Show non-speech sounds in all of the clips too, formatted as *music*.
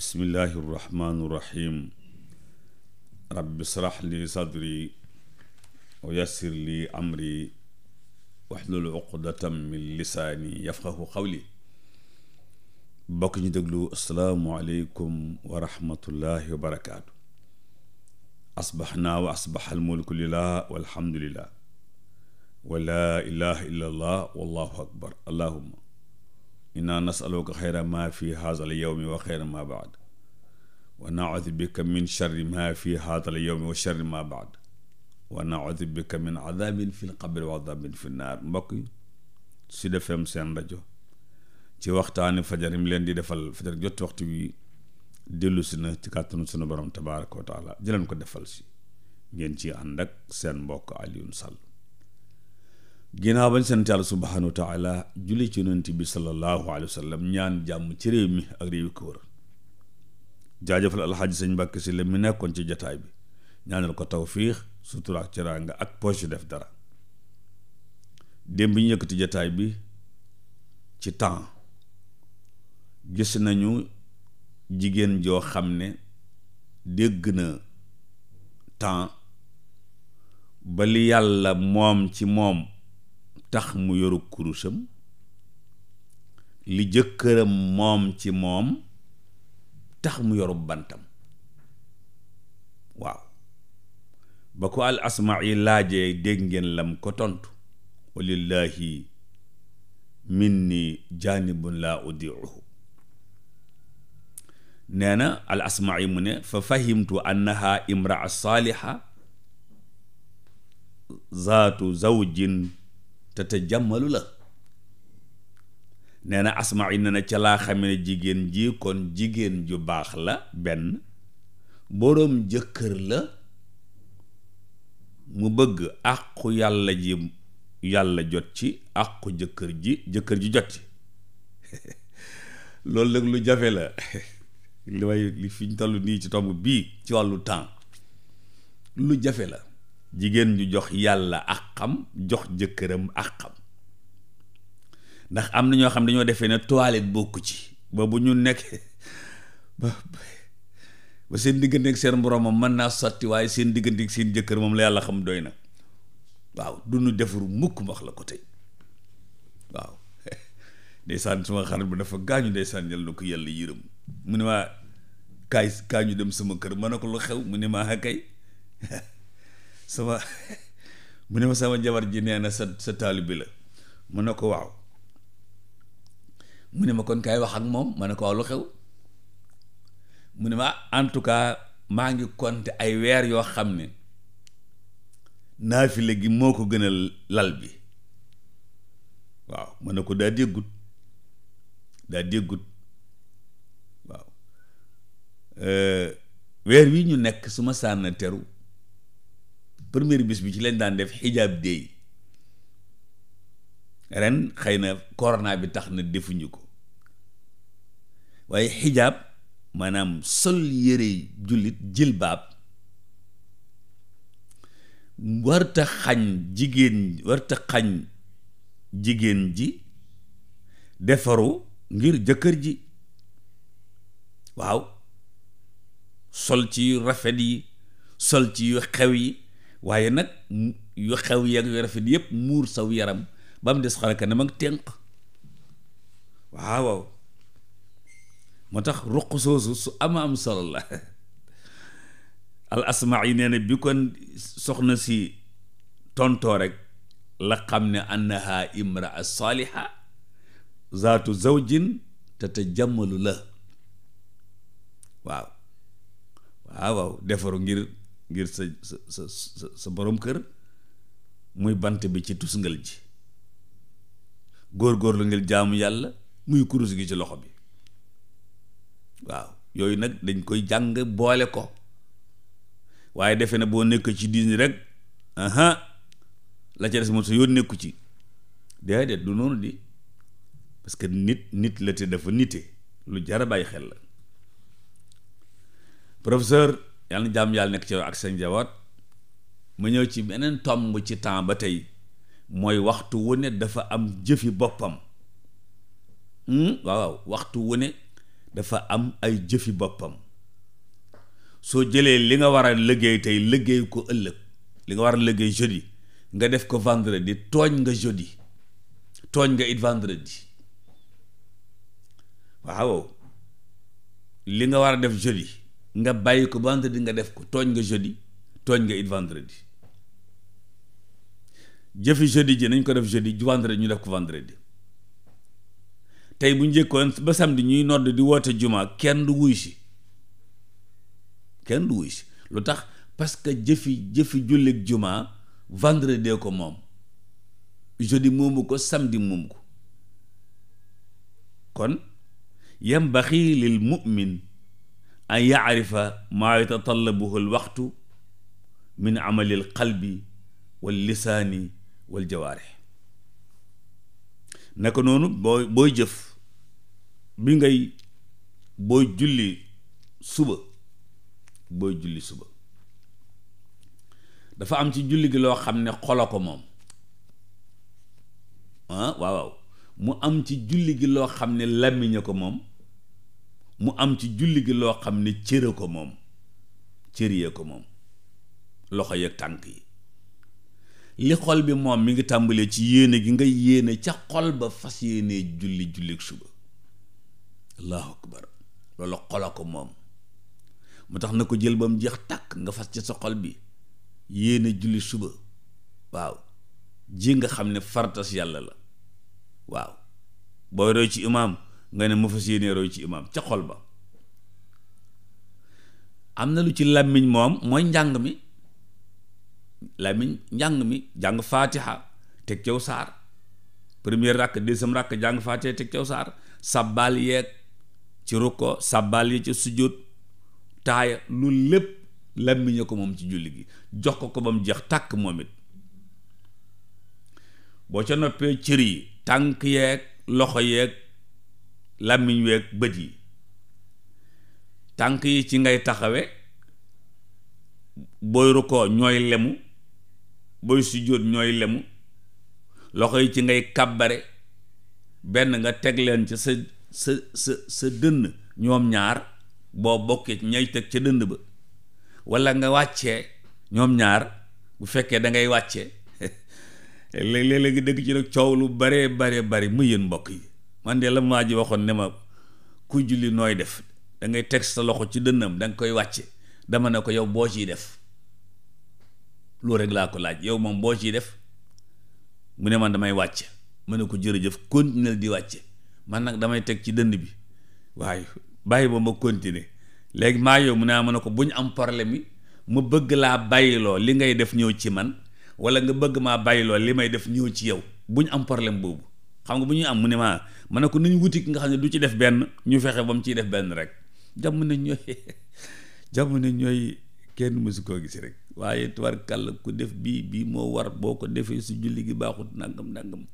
bismillahi irrahmani irrahim rabbi srax li sadri wa yassir li amri waxlul uqdatam min lisaani yafqahu qawli bokk ñu déglu asalaamualeykum wa rahmatullahi wa barakaatu asbaxnaa wa asbaxa almulku lilah walhamdulilah wa laa ilaha illa allah wallahu akbar allahuma inaan nasaluka xayra ma fi haadal yowmi wa xayra ma baad wa naudu bika min charri ma fi haadal yowmi wa charri ma baad wa naudu bika min adaabin fi lqabri wa adaabin fi naar mbokk yi Sud seen rajo ci waxtaani fajar yi leen di defal fajar jot waxtu wi dellu si na ci kàttanu sunu borom tabaaraka wa taala jëleen ko defal si ngeen ci ànd seen mbokk Alioune Sall ginnaaw bañ sant yàlla subhaanahu wa taala julli ci yonent bi sallallahu alayhi wa ñaan jàmm ci réew mi ak réew yi ko wër jaajëfal alxaaji sëñ Mbàkke si la mi nekkoon ci jataay bi ñaanal ko tawfiix sutura ak ceraanga ak poche def dara démb bi yëkkati jataay bi ci temps gis nañu jigéen joo xam ne dégg na temps ba yàlla moom ci moom tax mu yoru kurusam li jëkkëram moom ci moom tax mu yoru bantam waaw ba ko al asmaa yi laajee dégg ngeen lam ko tontu walillaahi minni jaanibun laa udiuhu nee na al asmaa yi mu ne fa fahimtu annaha imraa saaliha zaatu zawjin te te jàmmalu la nee na asma yi na ca laa xame ne jigéen ji kon jigéen ju baax la benn boroom jëkkër la mu bëgg àqu yàlla ji yàlla jot ci àqu jëkkër ji jëkkër ji jot ci *laughs* loolu nag lu jafe la *laughs* li way li fi ñu toll nii ci tomb bii ci wàllu temps lu jafe la jigéen ñu jox yàlla àqam jox jëkkëram àqam ndax am na ñoo xam dañoo defee na toilette bokku ci ba bu ñu nekk ba seen diggante ak seen borom moom mën naa sotti waaye seen diggante ak seen jëkkër moom la yàlla xam doy na waaw du defaru mukk wax la ko tey waaw *laughs* ndeysaan suma xarit bi dafa gaañu ndeysaan yal na ko yàlla yërëm mu ne maa kaay kaa dem sama kër ma ne ko lu xew mu ne maa ah, kay *laughs* sama *laughs* mu ne ma sama jabar ji nee na sa sa bi la mën ne ko waaw mu ne ma kon kaay wax ak moom ma ne ko waaw lu xew mu ne ma en tout cas maa ngi compter ay weer yoo xam ne naafile gi moo ko gën a lal bi waaw ma ne ko daa déggut daa déggut waaw euh, weer wi ñu nekk su ma sànna teru première bis bi ci lañ daan def xijaab day ren xëy na corona bi tax na defuñu ko waaye xijaab maanaam sol yére jullit jilbaab warta xañ jigéen ji defaru ngir jëkkër ji waaw sol ci yu rafet yi sol ci yu xew yi waaye nag yu xew yeeg yu rafet yëpp muur saw yaram ba mu des xar kanam ak tënk waaw waaw moo tax ruq soosu su ama am solo la *laughs* al asmaa yi nee bi kon soxna si tontoo rek la xam ne annaha imraa saaliha zaatu zawjin tatajammalu la waaw waaw waaw defaru ngir ngir sa sa sa sa sa borom kër muy bant bi ci tusngal ji góor góor lu ngir jaamu yàlla muy kurus gi ci loxo bi waaw yooyu nag dañ koy jàng boole ko waaye defe na boo nekk ci diini rek aha la ca des moom sa yoon nekku ci déedéet du noonu di parce que nit nit la te dafa nite lu jar a bàyyi xel la yàlla na jàmm yàlla nekk ci yow ak sa njaboot ma ñëw ci beneen tomb ci temps ba tey mooy waxtu wu ne dafa am jëfi boppam hmm? waaw waxtu wu ne dafa am ay jëfi boppam soo jëlee li nga war a liggéey tey liggéey ko ëllëg li nga war a liggéey jeudi nga def ko vendredi tooñ nga jeudi tooñ nga it vendredi waaw li nga war a def jeudi nga bàyyi ko vendredi nga def ko tooñ nga jeudi tooñ nga it vendredi jëfi jeudi ji nañ ko def jeudi ju vendredi ñu def ko vendredi tey bu njëkkoon ba samedi ñuy nodd di woote juma kenn du wuy si kenn du wuy si lu tax parce que jëfi jëfi jullit juma vendredi ko moom jeudi moomu ko samdi moomu ko kon yambaxi lil mu'min an yaarifa maa yatatallabuhu alwaqtu min amali alqalbi wal lisaani wal jawaarih naka noonu booy booy jëf bi ngay booy julli suba booy julli suba dafa am ci julli gi loo xam ne xolo ko moom ah waaw waaw mu am ci julli gi loo xam ne làmmiña ko moom mu am ci julli gi loo xam ne cëre ko moom cër yee ko moom loxo yeeg tànk yi li xol bi moom mi ngi tàmbalee ci yéene gi nga yéene ca xol ba fas yéenee julli jullik suba allahu ko moom mu tax na ko jël ba mu jeex tàkk nga fas ci sa xol bi yéene julli suba waaw ji nga xam ne fartas yàlla la waaw booy roy ci imaam nga ne ma fas yéene roy ci imaam ca xol ba am na lu ci làmmiñ moom mooy njàng mi làmmiñ njàng mi jàng faatiha teg caw saar première rakk deuxième rakk jàng faatiha teg caw saar sabal yeeg ci rukko sàbbaal yi ci sujjóot taaya lu lépp làmmiña ko moom ci julli gi jox ko ko ba mu jeex tàkk moom it boo ca noppee cër yi tànk yeeg loxo yeeg làmmiñ weeg bët yi tànk yi ci ngay taxawe booy rukkoo ñooy lemu booy sujjóot ñooy lemu loxo yi ci ngay kàbbare benn nga teg leen ca sa sa sa sa dënn ñoom ñaar boo bokkee ñay teg ca dënd ba walla nga wàccee ñoom ñaar bu fekkee da ngay wàccee *laughs* léeg-léeg la dëgg ci nag coow lu bare bare bare mu yéen mbokk yi man de la maa ji waxoon ne ma ku julli nooy def da ngay teg sa loxo ci dënnam da nga koy wàcce dama ne ko yow boo ciy def loolu rek laa ko laaj yow moom boo ciy def mu ne man damay wàcce ma ne ko jërëjëf continuer di wàcce man nag damay teg ci dënn bi waaye bàyyi ba ma continuer léegi maa yow mu ne ah, ma ne ko bu ñu am problème yi ma bëgg laa bàyyiloo li ngay def ñëw ci man wala nga bëgg maa bàyyiloo li may def ñëw ci yow buñ am problème boobu xam ma ne ko nañ wuti ki nga xam ne du ci def benn ñu fexe ba mu ciy def benn rek jàmm nañ ñooy *laughs* jàmm nañ ñooy kenn mësu koo gis rek waaye tubarkàlla ku def bii bii moo war boo ko defee su julli gi nangam nangam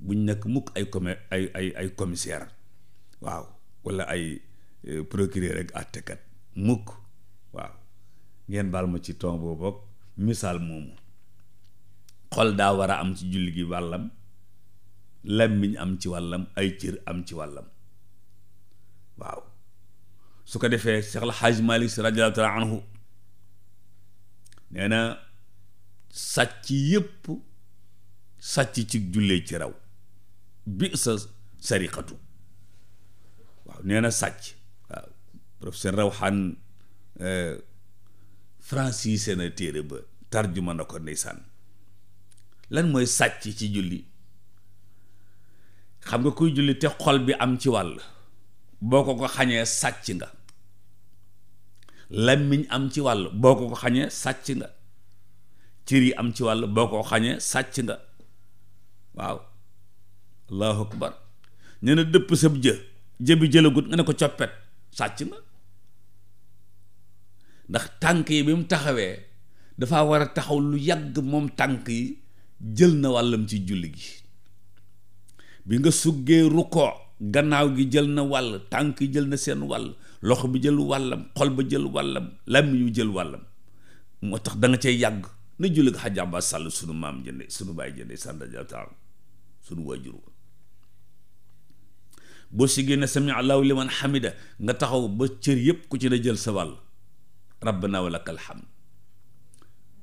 buñ nekk mukk ay commer ay ay ay commissaire waaw walla ay euh, procureur rek àttekat mukk waaw ngeen baal ma ci ton boobu misaal moomu xol daa war a am ci julli gi wàllam làmmiñ am ci wàllam ay cër am ci wàllam waaw su ko defee Cheikh El Hadj Malick Sy anhu nee na sàcc yépp sàcc ci jullee ci raw bi sa sariqatu waaw nee sàcc waaw professeur Rawhan euh, francis na téere ba tarjuma na ko ndeysaan lan mooy sàcc ci julli xam nga kuy julli te xol bi am ci wàll boo ko ko xañee sàcc nga làmmiñ am ci wàll boo ko ko xañee sàcc nga cër yi am ci wàll boo ko xañee sàcc nga waaw allahu akbar ñu ne dëpp sab jë jë bi jëlagut nga ne ko coppet sàcc nga ndax tànk yi bi mu taxawee dafa war a taxaw lu yàgg moom tànk yi jël na wàllam ci julli gi bi nga suggee rukkoo gannaaw gi jël na wàll tànk yi jël na seen wàll loxo bi jël wàllam xol ba jël wàllam làmmiñ yu jël wàllam moo tax danga nga yàgg na julli ko xajaam sàll sunu maam jënde sunu baay jënde sàndaja taal sunu waajur wa boo siggee ne sami allahu liman xamida nga taxaw ba cër yépp ku ci ne jël sa wàll rabbana wa lakal hamd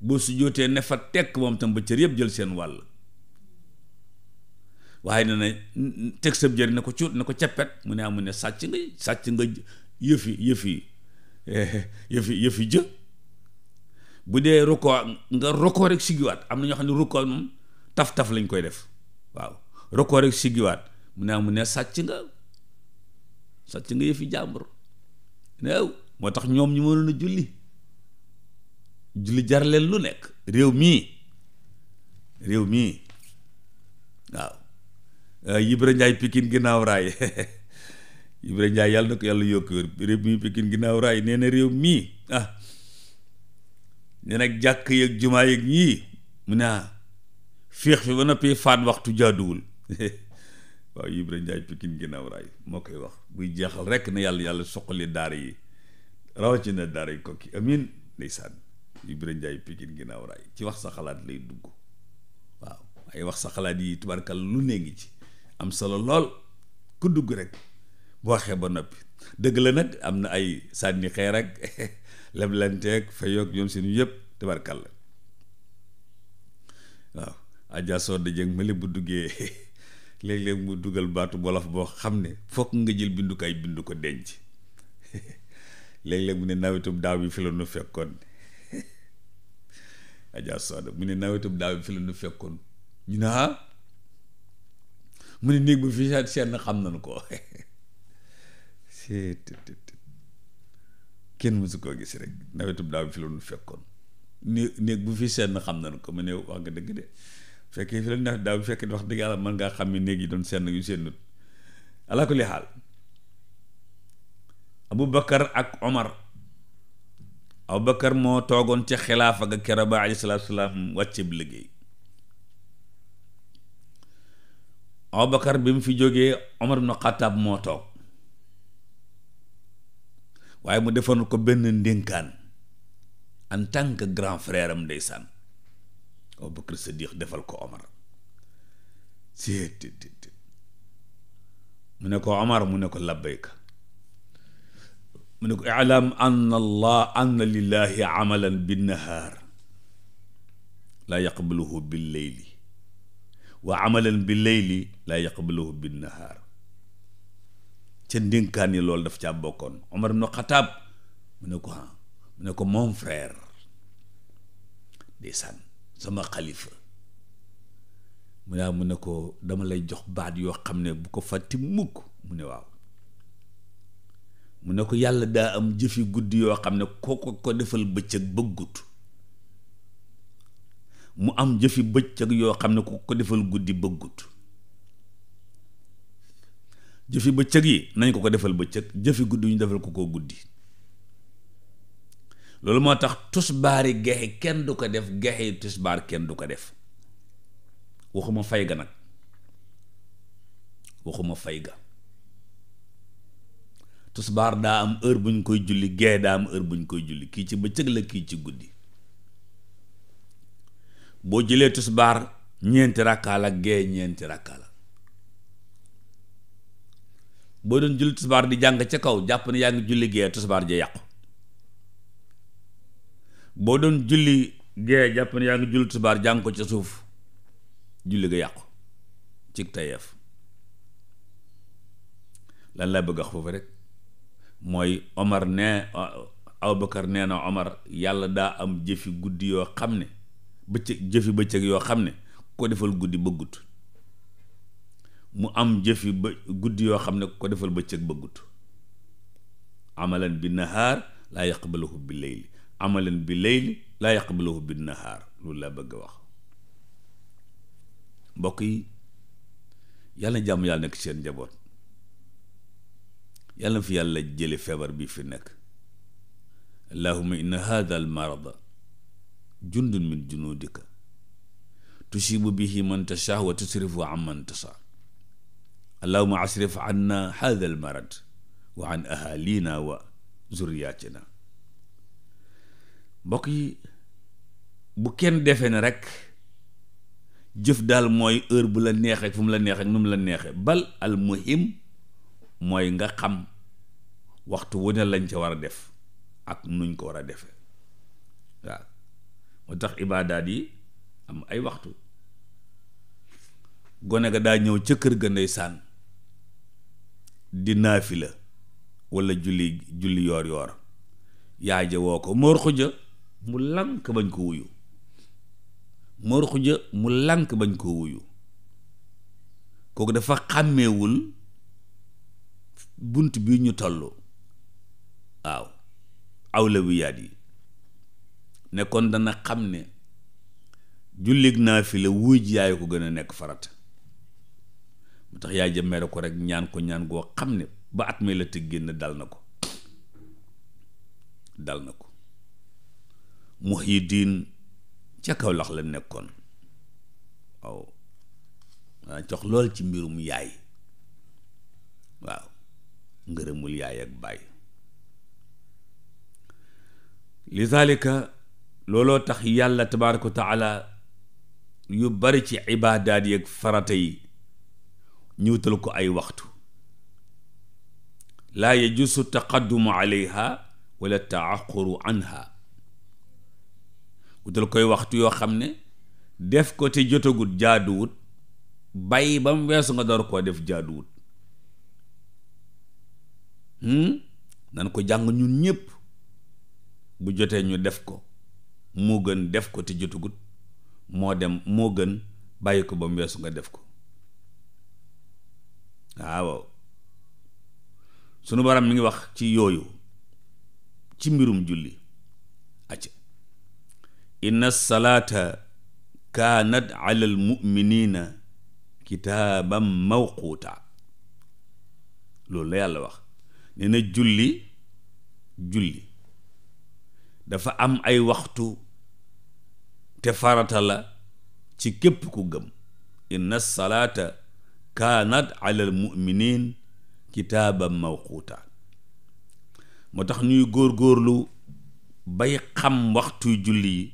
boo su jootee ne fa tekk moom tam ba cër yépp jël seen wàll waaye ne na teg sab jëri ne ko cuut ne ko ceppet mu ne amu ah, ne sàcc sàcc nga yëfi yëfi eh, yëfi yëfi jë bu dee roko roko rek siggiwaat am na ñoo xam ne roko taf-taf lañ koy def waaw roko rek siggiwaat mu ne amu ah, ne sàcc nga sàcc nga yëfi jàmbur néew moo tax ñoom ñu mënoon a julli julli jar lu nekk réew mii réew mii waaw Euh, Ibra Ndiaye Pikine ginnaaw raay *laughs* Ibra yàlla na ko yàlla yokk réew mii Pikine ginnaaw raay nee na réew mii ah nee nag jàkk yeeg jumaa yeeg ñii mu ne ah ba noppi faat waxtu jaaduwul *laughs* waaw Ibra raay moo koy wax buy jeexal rekk na yàlla yàlla soqali daara yi rawatina daara yi kokki amin ndeysaan Ibra Ndiaye Pikine ginnaaw raay ci wax sa xalaat lay dugg waaw ay wax sa xalaat yi tubarkal lu ne ngi ci am solo lool ku dugg rek bu waxee ba noppi dëgg la nag am na ay sànni xeer ak *laughs* leblanteeg fa yoog ñoom seen yëpp tabarkal la waaw Adja Sode Dieng ma bu duggee *laughs* léeg-léeg mu dugal baatu wolof boo xam ne fokk nga jël bindukaay bindu ko denc *laughs* léeg-léeg mu ne nawetub daaw bi fi la nu fekkoon Adja Sode mu ne nawetub daaw bi fi la nu fekkoon ñu ne ah mu ne néeg bi fi seet seet na xam nañu ko c'est kenn mësu koo gis rek nawetu daaw bi fi la fekkoon néeg néeg bu fi seen xam na nañu ko mu ne wax nga dëgg de fekkee fi la nawet daaw bi fekk wax dëgg yàlla mën ngaa xam ne néeg yi doon seen yu seenut alaa kulli xaal Aboubacar ak Omar Aboubacar moo toogoon ca xilaafa ga kera ba alayhi salaatu salaam wàcceeb liggéey Abubakar bi mu fi jógee Omar ibn Xattaab moo toog waaye mu defoon ko benn ndénkaan en tant grand frère am ndeysaan Abubakar Siddiq defal ko Omar seet mu ne ko Omar mu ne ko labbayka mu ne ko i'lam anna allah anna lillahi amalan binnahaar laa yaqbaluhu billeyli waa amalan bi leyli laa yaqbaluhu bin nahaar ca ndénkaan yi loolu daf caa bokkoon Omar ibn mu ne ko ah mu ne ko mon frère ndeysaan sama xalifa mu ne ah, mu ne ko dama lay jox baat yoo xam ne bu ko fàtti mukk mu ne waaw mu ne ko yàlla daa am jëfi guddi yoo xam ne koo ko ko defal bëccëg bëggut mu am jëfi bëccëg yoo xam ne ku ko defal guddi bëgg bëggut jëfi bëccëg yi nañ ko ko defal bëccëg jëfi guddi ñu defal ko ko guddi loolu moo tax tusbaari gexe kenn du ko def gexe tusbaar kenn du ko def waxuma fay ga nag waxuma fay ga tusbaar daa am heure bu ñu koy julli gexe daa am heure bu ñu koy julli kii ci bëccëg la kii ci guddi boo jëlee tisbaar ñeenti rakkaa la gee ñeenti rakkaa la boo doon julli tisbaar di jàng ca kaw jàpp ne yaa ngi julli gee tisbaar yàqu boo doon julli gee jàpp ne yaa ngi julli jàng ko ca suuf julli ga yàqu ci tayeef lan laa bëgg a wax rek mooy Omar ne Abubakar nee na Omar yàlla daa am jëfi guddi yoo xam ne bëccëg jëfi bëccëg yoo xam ne ko defal guddi bëggut mu am jëfi ba guddi yoo xam ne ko defal bëccëg bëggut amalan bi nahaar laa yaqbaluhu bi leyli amalan bi leyli laa yaqbaluhu bi nahaar loolu laa bëgg a wax mbokk yi yàlla na jàmm yàlla nekk seen njaboot yàlla fi yàlla jële feebar bi fi nekk allahuma inna hada al marada jundun min junuudika tusiibu bihi man tashaa wa tusrifu an man tashaa allahumma asrif anna haadha almarad wa an ahaalina wa zurriyaatina mbokk yi bu kenn defee ne rek jëf daal mooy heure bu la neexee fu mu la neexee nu mu la neexee bal al muhim mooy nga xam waxtu wu ne lañ ca war a def ak nuñ ko war a defe waaw moo tax ibaadaat yi am ay waxtu gone ga daa ñëw ca kër ga ndeysaan di naafila walla julli julli yoor yoor yaay ja woo ko moor xuja mu lànk bañ koo wuyu moor xuja mu lànk bañ ko wuyu kooku dafa xàmmeewul bunt bi ñu toll waaw awlawiyaat yi ne dana xam ne jullig naa fi la wuy yaay ko gën a nekk farat mu tax yaay jëmmeere ko rek ñaan ko ñaan goo xam ne ba at may la tëgg génn dal na ko dal na ko Muhyiddin ca kaw lax la nekkoon waaw waa jox lool ci mbirum yaay waaw ngërëmul yaay ak baay li zalika looloo tax yàlla tabaaraka wa taala yu bari ci ibaadaat yi ak farata yi ñuutal ko ay waxtu laa yajuusu taqaddumu alayha wala taaquru anha wutal koy waxtu yoo xam ne def ko te jotagut jaaduwut bàyyi ba mu weesu nga door koo def jaaduwut hmm? nan ko jàng ñun ñépp bu jotee ñu def ko moo gën def ko te jotugut moo dem moo gën bàyyi ko ba mu weesu nga def ko waaw sunu baram mi ngi wax ci yooyu ci mbirum julli acca inna salaata kaanat ala al muminina kitaaban mawquuta loolu la yàlla wax nee na julli julli dafa am ay waxtu te farata la ci képp ku gëm inna salaata kaanat alal muminin kitaaban mawquuta moo tax ñuy góor góorlu bay xam waxtu julli yi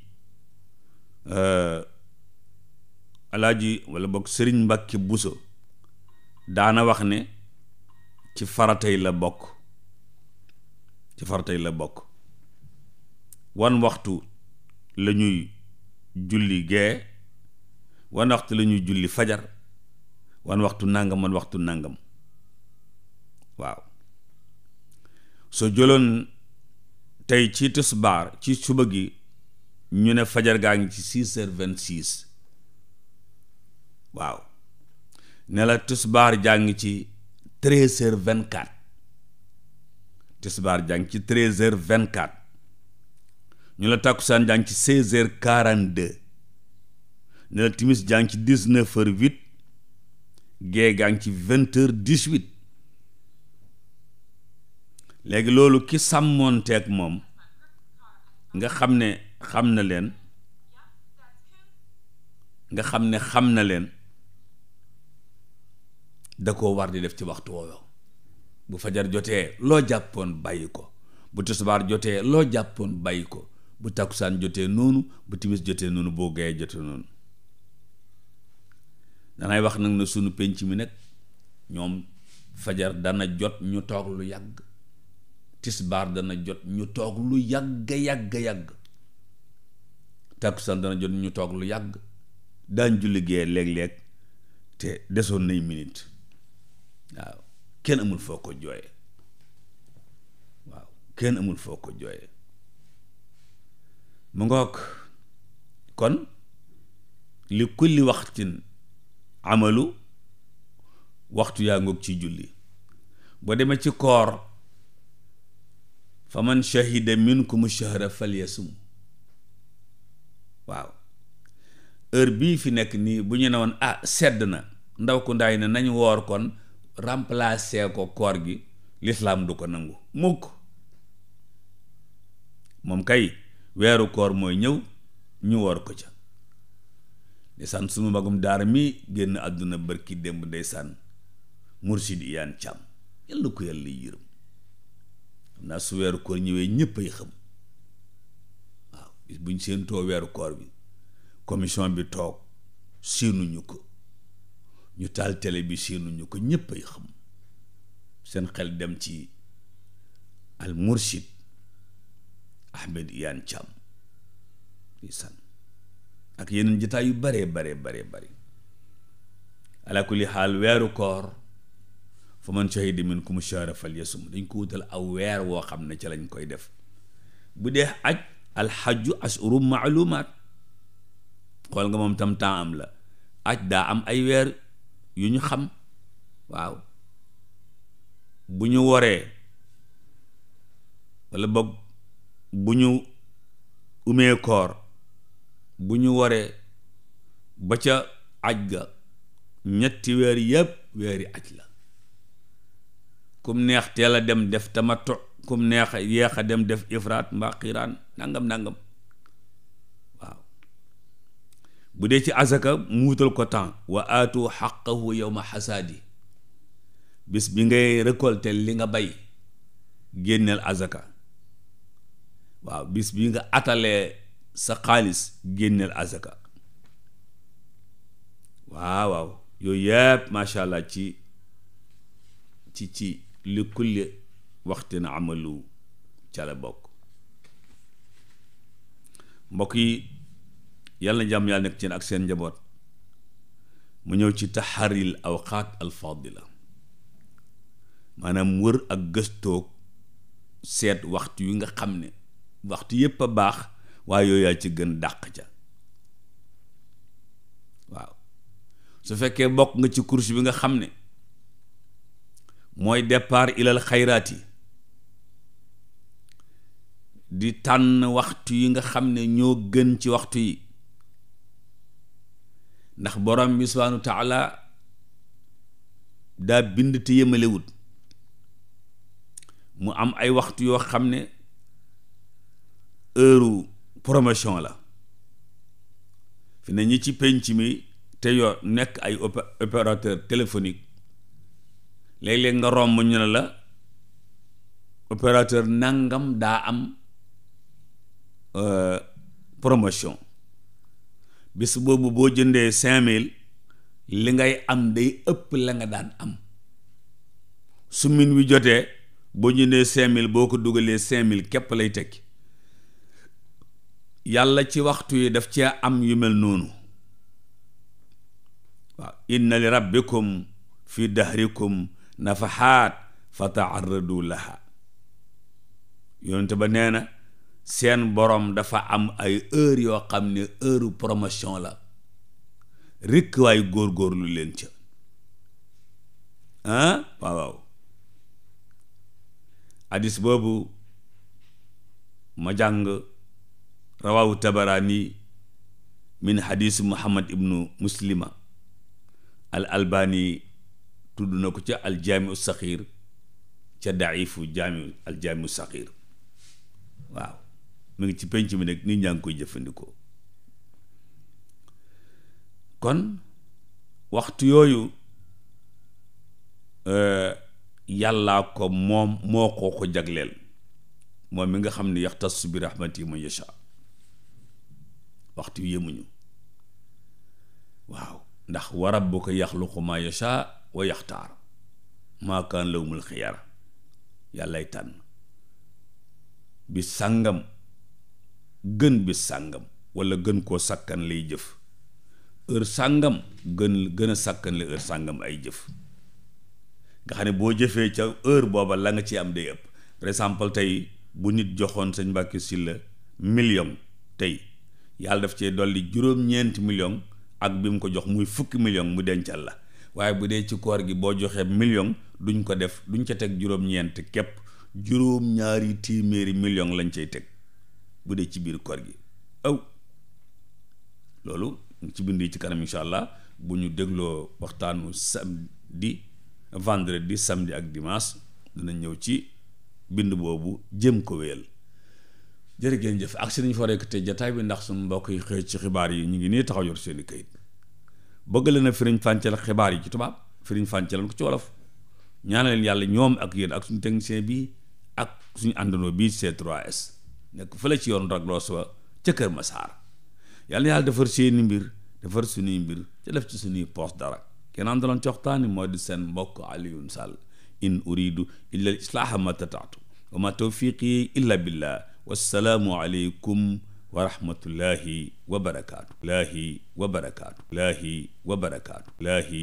euh, alaaji wala boog sëriñ mbàkki buso daana wax ne ci faratay la bokk ci faratay la bokk wan waxtu la julli gee wan waxtu la julli fajar wan waxtu nàngam wan waxtu nàngam waaw soo jëloon tey ci tisbaar ci suba gi ñu ne fajar gaa ngi ci six vingt six waaw ne la tisbaar jaa ci treize heures vingt quatre tisbaar jaa ngi ci treize heures vingt quatre ñu la tàkkusaan jàng ci seize heures quarante deux ñu la timis jàng ci dix neuf heures huit gee gaa ci vingt heures léegi loolu ki sàmmoonteeg moom nga xam ne xam na leen nga xam ne xam na leen da ko war di def ci waxtu woowu bu fajar jotee loo jàppoon bàyyi ko bu tisbaar jotee loo jàppoon bàyyi ko bu takkusaan jotee noonu bu timis jotee noonu boo gayee jotee noonu danay wax nag na sunu penc mi nag ñoom fajar dana jot ñu toog lu yàgg tisbaar dana jot ñu toog lu yàgg yàgg dana jot ñu toog lu yàgg daan julli gee léeg-léeg te desoon nay minute waaw kenn amul foo ko jooye waaw kenn amul foo ko jooye mu ngoog kon li kulli waxtin amalu waxtu yaa ngoog ci julli boo demee ci koor fa man shahida minkum shahra falyasum waaw heure bii fi nekk nii bu ñu ne woon ah sedd na ndaw ku ndaay na nañ woor kon remplacer ko koor gi lislaam du ko nangu mukk moom kay weeru koor mooy ñëw ñu war ko ca ndeysaan suma magum daar mi génn àdduna bërki démb ndeysaan mursid iyaan càmm yàlla ko yàlla yërëm xam naa su weeru koor ñëwee ñëpp ay xam waaw bis buñ seen too weeru koor bi commission bi toog siinuñu ko ñu taal tele bi siinuñu ko ñëpp ay xam seen xel dem ci al mursid Ahmed Iyane Thiam ndeysaan ak yeneen jataay yu bare bare bare bare ala kulli xaal weeru koor fa man shahida minkum shahra falyasum dañ ko wutal aw weer woo xam ne ca lañ koy def bu dee aj alxaju asuru maalumaat xool nga moom tam temps am la aj daa am ay weer yu ñu xam waaw bu ñu waree wala boog bu ñu umee koor bu ñu waree ba ca aj ga ñetti weer yëpp weeri aj la kum neex teel a dem def tamattu kum neex yeex a dem def ifraat mbaa xiiraan nangam nangam waaw bu dee ci asaka mu wutal ko temps wa aatu xaqahu yowma xasaadi bis bi ngay récolter li nga bay génneel azaka waaw bis bi nga atalee sa xaalis génneel azaka waaw waaw yooyu yëpp macha allah ci ci ci li kulli waxtin amalu ca la bokk mbokk yi yàlla na jàmm yàlla nekk ci ak seen njaboot mu ñëw ci taxaril awqaat alfadila maanaam wër ak gëstoog seet waxtu wi nga xam ne waxtu yépp a baax waaye yooyaa ci gën dàq ca waaw su fekkee bokk nga ci course bi nga xam ne mooy départ ilal xayraat yi di tànn waxtu yi nga xam ne ñoo gën ci waxtu yi ndax boroom bi subhaanahu wa taala daa bind te yëmalewut mu am ay waxtu yoo xam ne heure promotion la fi ne ñi ci pénc mi te yoo nekk ay opérateur téléphonique léeg-léeg nga romb ñu ne la opérateur nangam daa am euh, promotion bis boobu boo jëndee cinq mille li ngay am day ëpp la nga daan am su min wi jotee boo jëndee cinq mille boo ko dugalee cinq mille képp lay tekki yàlla ci waxtu yi def ci am yu mel noonu inna li rabbikum fi dahrikum nafahaat fa taarradu laha yonente ba nee seen borom dafa am ay heure yoo xam ne heure promotion la rikk góor góorlu leen ca ah waaw waaw boobu ma jàng rawaahu tabaraani min xadiis muhammad ibnu muslima al albaani tudd na ko ca al jaamiu saxiir ca daifu jaamiu al jaamiu saxiir waaw mu ngi ci pénc mi nekk nit ñaa ngi koy jëfandikoo kon waxtu yooyu euh, yàllaa ko moom moo ko ko jagleel moom mi nga xam ni ne yaxtasu bi rahmati man yasha waxtu yemuñu waaw ndax wa rabbuka yaxluqu maa yashaa wa yaxtaar maa kaan lawmul xiyara yàllay tànn bi sàngam gën bi sàngam wala gën koo sàkkan lay jëf heure sàngam gën gën a sàkkan la heure sàngam ay jëf nga xam ne boo jëfee ca heure booba la nga ci am day ëpp par exemple tey bu nit joxoon sëñ Mbàkke Sylla million tey yàlla def cee dolli juróom-ñeenti million ak bi mu ko jox muy fukki million mu dencal la waaye bu dee ci koor gi boo joxee million duñ ko def duñ ca teg juróom-ñeent képp juróom-ñaari téeméeri million lañ cay teg bu dee ci biir koor gi aw loolu ci bind yi ci kanam incha allah bu ñu dégloo waxtaanu samedi vendredi samedi ak dimaas dina ñëw ci bind boobu jëm ko wéyal jërë ngeen jëf ak si nañ fa rekk te jataay bi ndax suñu mbokk yi xëy ci xibaar yi ñu ngi nii taxaw yor seeni kayit bëgg leen a firiñ fàncal xibaar yi ci tubaab firiñ fàncalan ko ci wolof ñaanal leen yàlla ñoom ak yéen ak suñu technicien bii ak suñu àndandoo bii C3S nekk fële ci yoon rak loo wa ca Kër Masaar yàlla yàlla defar seeni mbir defar suñuy mbir ca def ci suñuy poos dara kenn àndaloon coxtaani moo di seen mbokk Alioune Sall in uridu illa al islaaha ma tataatu wa ma tawfiqi illa wassalaamu aleykum wa rahmatullahi wa barakaatu. laahi wa barakaatu. laahi wa barakaatu. laahi